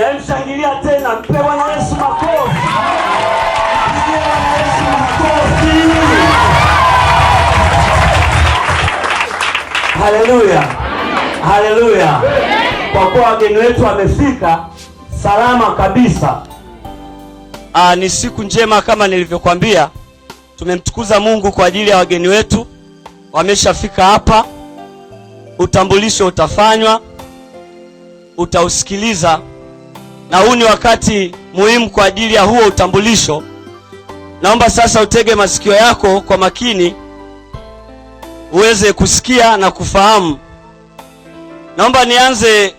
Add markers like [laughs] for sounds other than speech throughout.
Mshangilia tena, mpe Bwana Yesu makofi. Haleluya, haleluya. Kwa kuwa wageni wetu wamefika salama kabisa. Aa, ah, ni siku njema kama nilivyokuambia. Tumemtukuza Mungu kwa ajili ya wageni wetu, wameshafika hapa. Utambulisho utafanywa, utausikiliza na huu ni wakati muhimu kwa ajili ya huo utambulisho. Naomba sasa utege masikio yako kwa makini uweze kusikia na kufahamu. Naomba nianze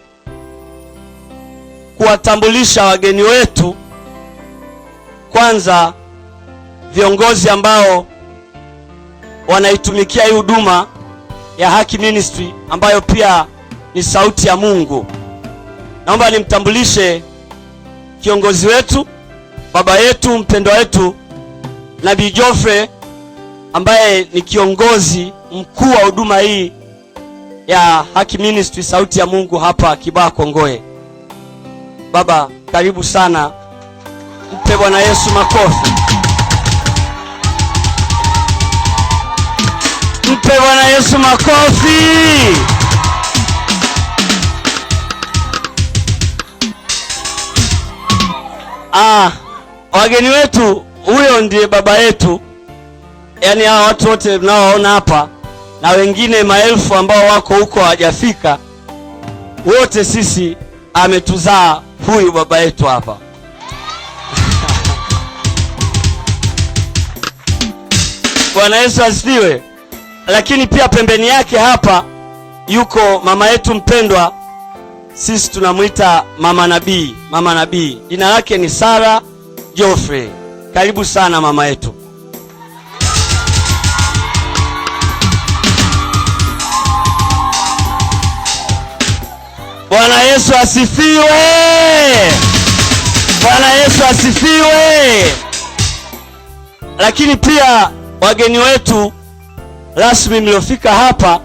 kuwatambulisha wageni wetu, kwanza viongozi ambao wanaitumikia hii huduma ya Haki Ministry ambayo pia ni sauti ya Mungu. Naomba nimtambulishe kiongozi wetu, baba yetu mpendwa wetu Nabii Jofre ambaye ni kiongozi mkuu wa huduma hii ya Haki Ministry sauti ya Mungu hapa Kibaha Kongoe. Baba, karibu sana, mpe Bwana Yesu makofi, mpe Bwana Yesu makofi. Wageni wetu, huyo ndiye baba yetu, yaani hawa watu wote mnaoona hapa na wengine maelfu ambao wako huko hawajafika, wote sisi ametuzaa huyu baba yetu hapa. [laughs] Bwana Yesu asifiwe. Lakini pia pembeni yake hapa yuko mama yetu mpendwa, sisi tunamwita mama nabii. Mama nabii jina lake ni Sara Geoffrey, karibu sana mama yetu. Bwana Yesu asifiwe! Bwana Yesu asifiwe! Lakini pia wageni wetu rasmi mliofika hapa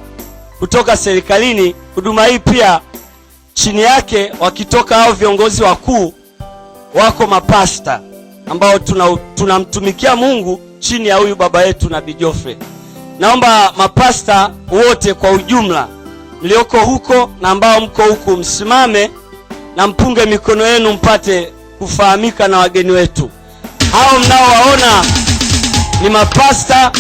kutoka serikalini, huduma hii pia chini yake wakitoka hao viongozi wakuu wako mapasta ambao tunamtumikia tuna Mungu chini ya huyu baba yetu Nabii Geoffrey. Naomba mapasta wote kwa ujumla mlioko huko na ambao mko huku msimame na mpunge mikono yenu mpate kufahamika na wageni wetu. Hao mnaowaona ni mapasta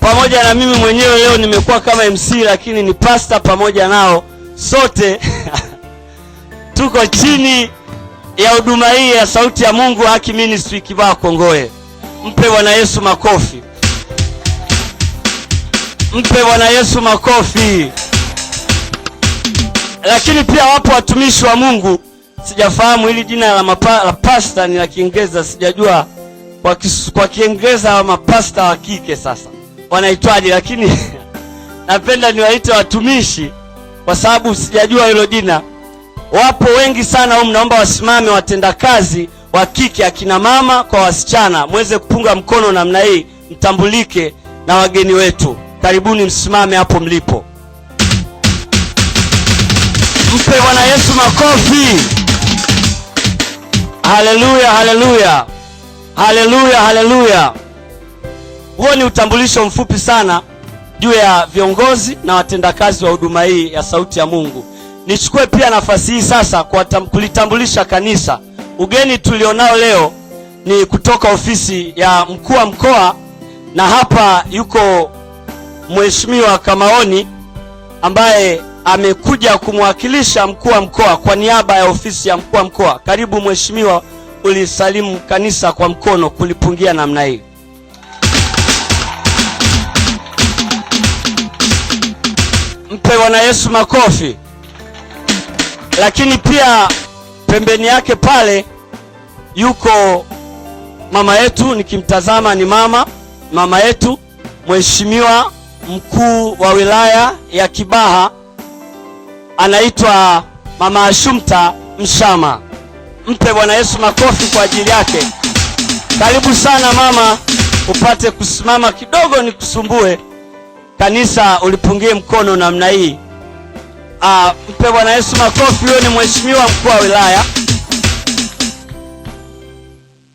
pamoja na mimi mwenyewe. Leo nimekuwa kama MC lakini ni pasta pamoja nao sote [laughs] tuko chini ya huduma hii ya Sauti ya Mungu Haki Ministry Kibaha Kongoe. Mpe Bwana Yesu makofi, mpe Bwana Yesu makofi. Lakini pia wapo watumishi wa Mungu, sijafahamu hili jina la, mapa, la pasta ni la Kiingereza, sijajua kwa, kwa Kiingereza wa mapasta wa kike sasa wanaitwaje, lakini [laughs] napenda niwaite watumishi kwa sababu sijajua hilo jina. Wapo wengi sana humu, naomba wasimame watendakazi wa kike, akina mama kwa wasichana, mweze kupunga mkono namna hii, mtambulike na wageni wetu. Karibuni, msimame hapo mlipo, mpe Bwana Yesu makofi. Haleluya, haleluya, haleluya, haleluya. Huo ni utambulisho mfupi sana juu ya viongozi na watendakazi wa huduma hii ya Sauti ya Mungu. Nichukue pia nafasi hii sasa kulitambulisha kanisa. Ugeni tulionao leo ni kutoka ofisi ya mkuu wa mkoa, na hapa yuko Mheshimiwa Kamaoni ambaye amekuja kumwakilisha mkuu wa mkoa kwa niaba ya ofisi ya mkuu wa mkoa. Karibu mheshimiwa, ulisalimu kanisa kwa mkono kulipungia namna hii. Mpe Bwana Yesu makofi lakini pia pembeni yake pale yuko mama yetu, nikimtazama ni mama mama yetu Mheshimiwa mkuu wa wilaya ya Kibaha anaitwa Mama Ashumta Mshama. Mpe Bwana Yesu makofi kwa ajili yake. Karibu sana mama, upate kusimama kidogo nikusumbue. Kanisa ulipungie mkono namna hii. Uh, mpe Bwana Yesu makofi. Huyo ni mheshimiwa mkuu wa wilaya.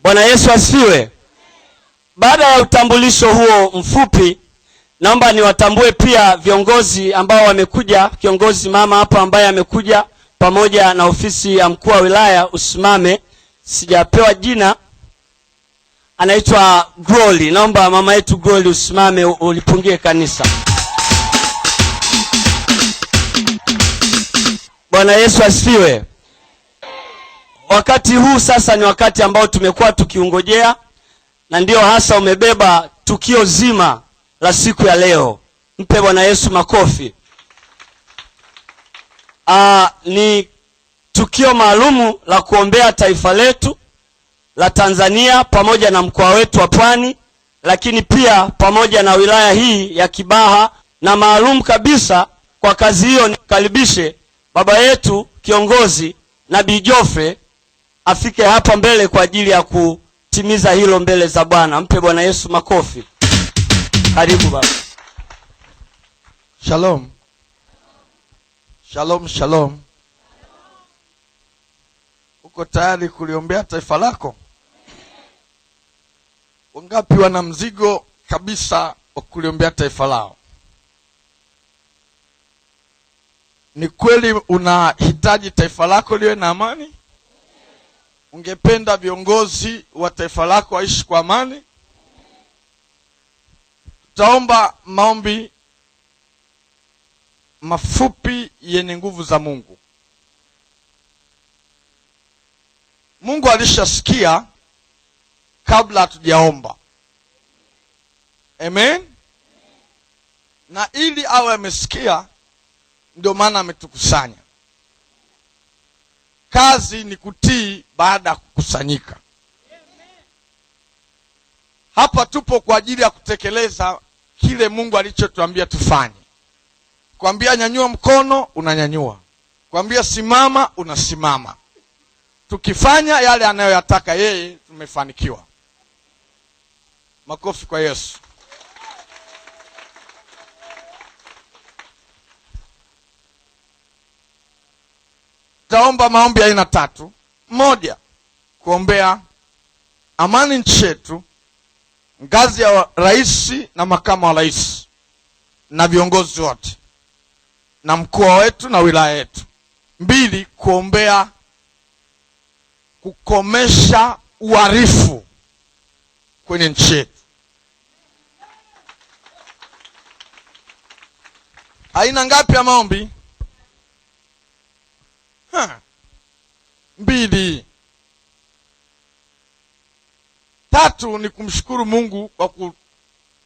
Bwana Yesu asiwe. Baada ya utambulisho huo mfupi, naomba niwatambue pia viongozi ambao wamekuja. Kiongozi mama hapa ambaye amekuja pamoja na ofisi ya mkuu wa wilaya, usimame, sijapewa jina, anaitwa Glory. Naomba mama yetu Glory usimame, ulipungie kanisa. Bwana Yesu asifiwe. Wakati huu sasa ni wakati ambao tumekuwa tukiungojea na ndio hasa umebeba tukio zima la siku ya leo. Mpe Bwana Yesu makofi. Aa, ah, ni tukio maalumu la kuombea taifa letu la Tanzania pamoja na mkoa wetu wa Pwani, lakini pia pamoja na wilaya hii ya Kibaha, na maalum kabisa kwa kazi hiyo nikaribishe baba yetu kiongozi Nabii Jofre afike hapa mbele kwa ajili ya kutimiza hilo mbele za Bwana. Mpe Bwana Yesu makofi. Karibu baba. Shalom, shalom, shalom. Uko tayari kuliombea taifa lako? Wangapi wana mzigo kabisa wa kuliombea taifa lao? Ni kweli unahitaji taifa lako liwe na amani? Ungependa viongozi wa taifa lako waishi kwa amani? Tutaomba maombi mafupi yenye nguvu za Mungu. Mungu alishasikia kabla hatujaomba. Amen. Na ili awe amesikia ndio maana ametukusanya. Kazi ni kutii baada ya kukusanyika. Hapa tupo kwa ajili ya kutekeleza kile Mungu alichotuambia tufanye. Kwambia nyanyua mkono, unanyanyua. Kwambia simama, unasimama. Tukifanya yale anayoyataka yeye, tumefanikiwa. Makofi kwa Yesu. tutaomba maombi aina tatu. Moja, kuombea amani nchi yetu, ngazi ya rais na makamu wa rais na viongozi wote na mkoa wetu na wilaya yetu. Mbili, kuombea kukomesha uhalifu kwenye nchi yetu. Aina ngapi ya maombi? mbili. Tatu ni kumshukuru Mungu kwa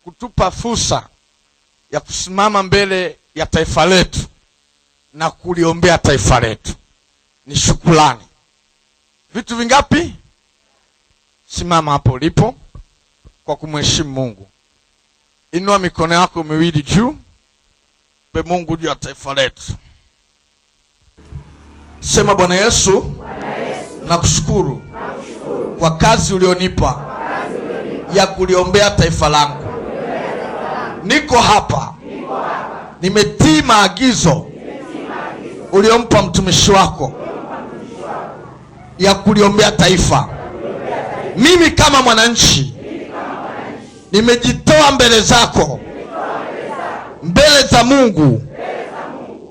kutupa fursa ya kusimama mbele ya taifa letu na kuliombea taifa letu. Ni shukulani Vitu vingapi? Simama hapo ulipo kwa kumheshimu Mungu. Inua mikono yako miwili juu, pe Mungu juu ya taifa letu. Sema Bwana Yesu nakushukuru kwa kazi ulionipa ya kuliombea taifa langu. Niko hapa, nimetii maagizo uliompa mtumishi wako ya kuliombea taifa. Mimi kama mwananchi nimejitoa mbele zako, mbele za Mungu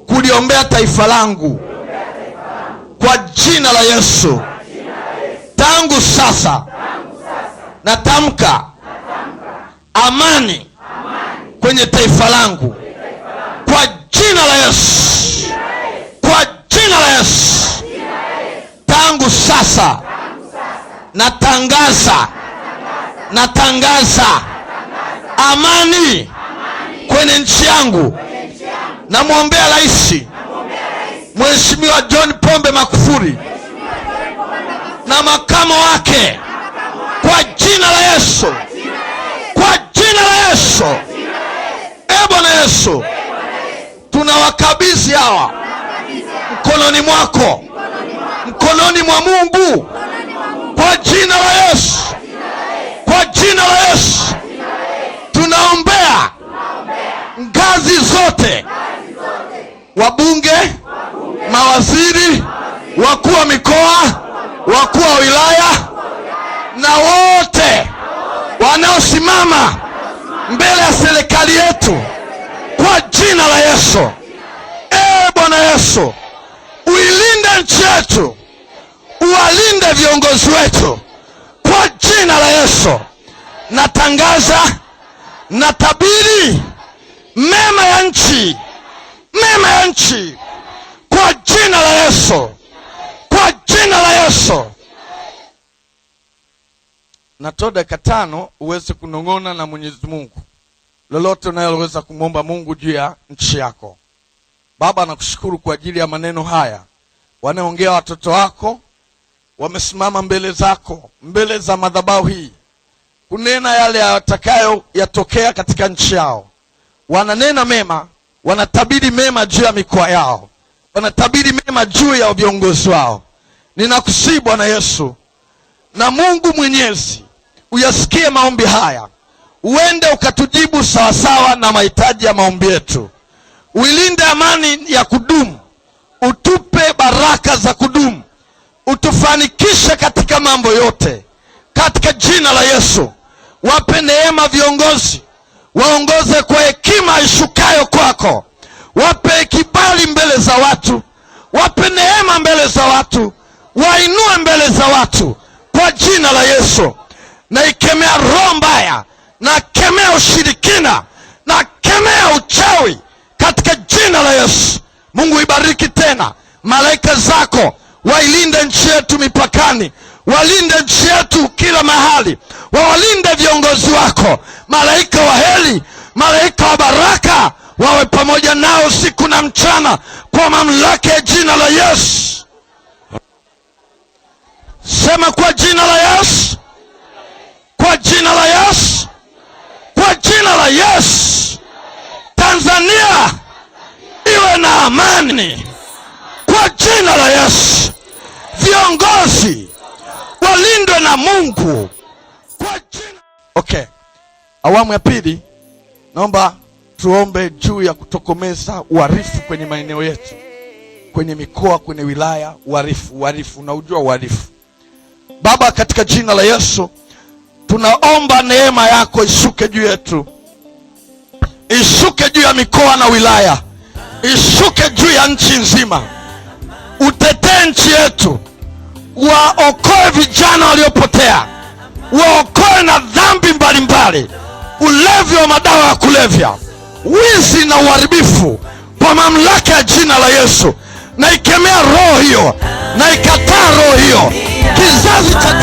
kuliombea taifa langu kwa jina la Yesu tangu sasa natamka amani kwenye taifa langu kwa jina la Yesu, kwa jina la Yesu. Tangu sasa natangaza, natangaza amani kwenye nchi yangu. Namwombea Rais Mheshimiwa John Pombe Magufuli na makamo wake kwa jina la Yesu, kwa jina la Yesu. E Bwana Yesu, tunawakabidhi hawa mkononi mwako, mkononi mwa Mungu kwa jina la Yesu, kwa jina la Yesu. Tunaombea ngazi zote, wabunge, mawaziri, wakuu wa mikoa wakuu wa wilaya na wote wanaosimama mbele ya serikali yetu kwa jina la Yesu. Ee Bwana Yesu, uilinde nchi yetu, uwalinde viongozi wetu kwa jina la Yesu. Natangaza na tabiri mema ya nchi, mema ya nchi kwa jina la Yesu kwa jina la Yesu. Natoa dakika tano uweze kunong'ona na Mwenyezi Mungu lolote unayoweza kumwomba Mungu juu ya nchi yako. Baba, nakushukuru kwa ajili ya maneno haya, wanaongea watoto wako, wamesimama mbele zako, mbele za madhabahu hii kunena yale yatakayo yatokea katika nchi yao. Wananena mema, wanatabiri mema juu ya mikoa yao, wanatabiri mema juu ya viongozi wao ninakusii Bwana Yesu na Mungu Mwenyezi, uyasikie maombi haya, uende ukatujibu sawasawa na mahitaji ya maombi yetu. Uilinde amani ya kudumu, utupe baraka za kudumu, utufanikishe katika mambo yote, katika jina la Yesu. Wape neema viongozi, waongoze kwa hekima ishukayo kwako, wape kibali mbele za watu, wape neema mbele za watu wainue mbele za watu kwa jina la Yesu. Naikemea roho mbaya, nakemea ushirikina, nakemea uchawi katika jina la Yesu. Mungu, ibariki tena malaika zako, wailinde nchi yetu mipakani, walinde nchi yetu kila mahali, wawalinde viongozi wako, malaika wa heli, malaika wa baraka wawe pamoja nao siku na mchana, kwa mamlaka ya jina la Yesu. Sema kwa jina la Yesu, kwa jina la Yesu, kwa jina la Yesu, Tanzania iwe na amani kwa jina la Yesu. Viongozi walindwe na Mungu kwa jina. Okay, awamu ya pili, naomba tuombe juu ya kutokomeza uharifu kwenye maeneo yetu, kwenye mikoa, kwenye wilaya. uharifu na ujua uharifu Baba, katika jina la Yesu tunaomba neema yako ishuke juu yetu, ishuke juu ya mikoa na wilaya, ishuke juu ya nchi nzima. Utetee nchi yetu, waokoe vijana waliopotea, waokoe na dhambi mbalimbali, ulevi wa madawa ya kulevya, wizi na uharibifu, kwa mamlaka ya jina la Yesu. Naikemea roho hiyo, naikataa roho hiyo 아,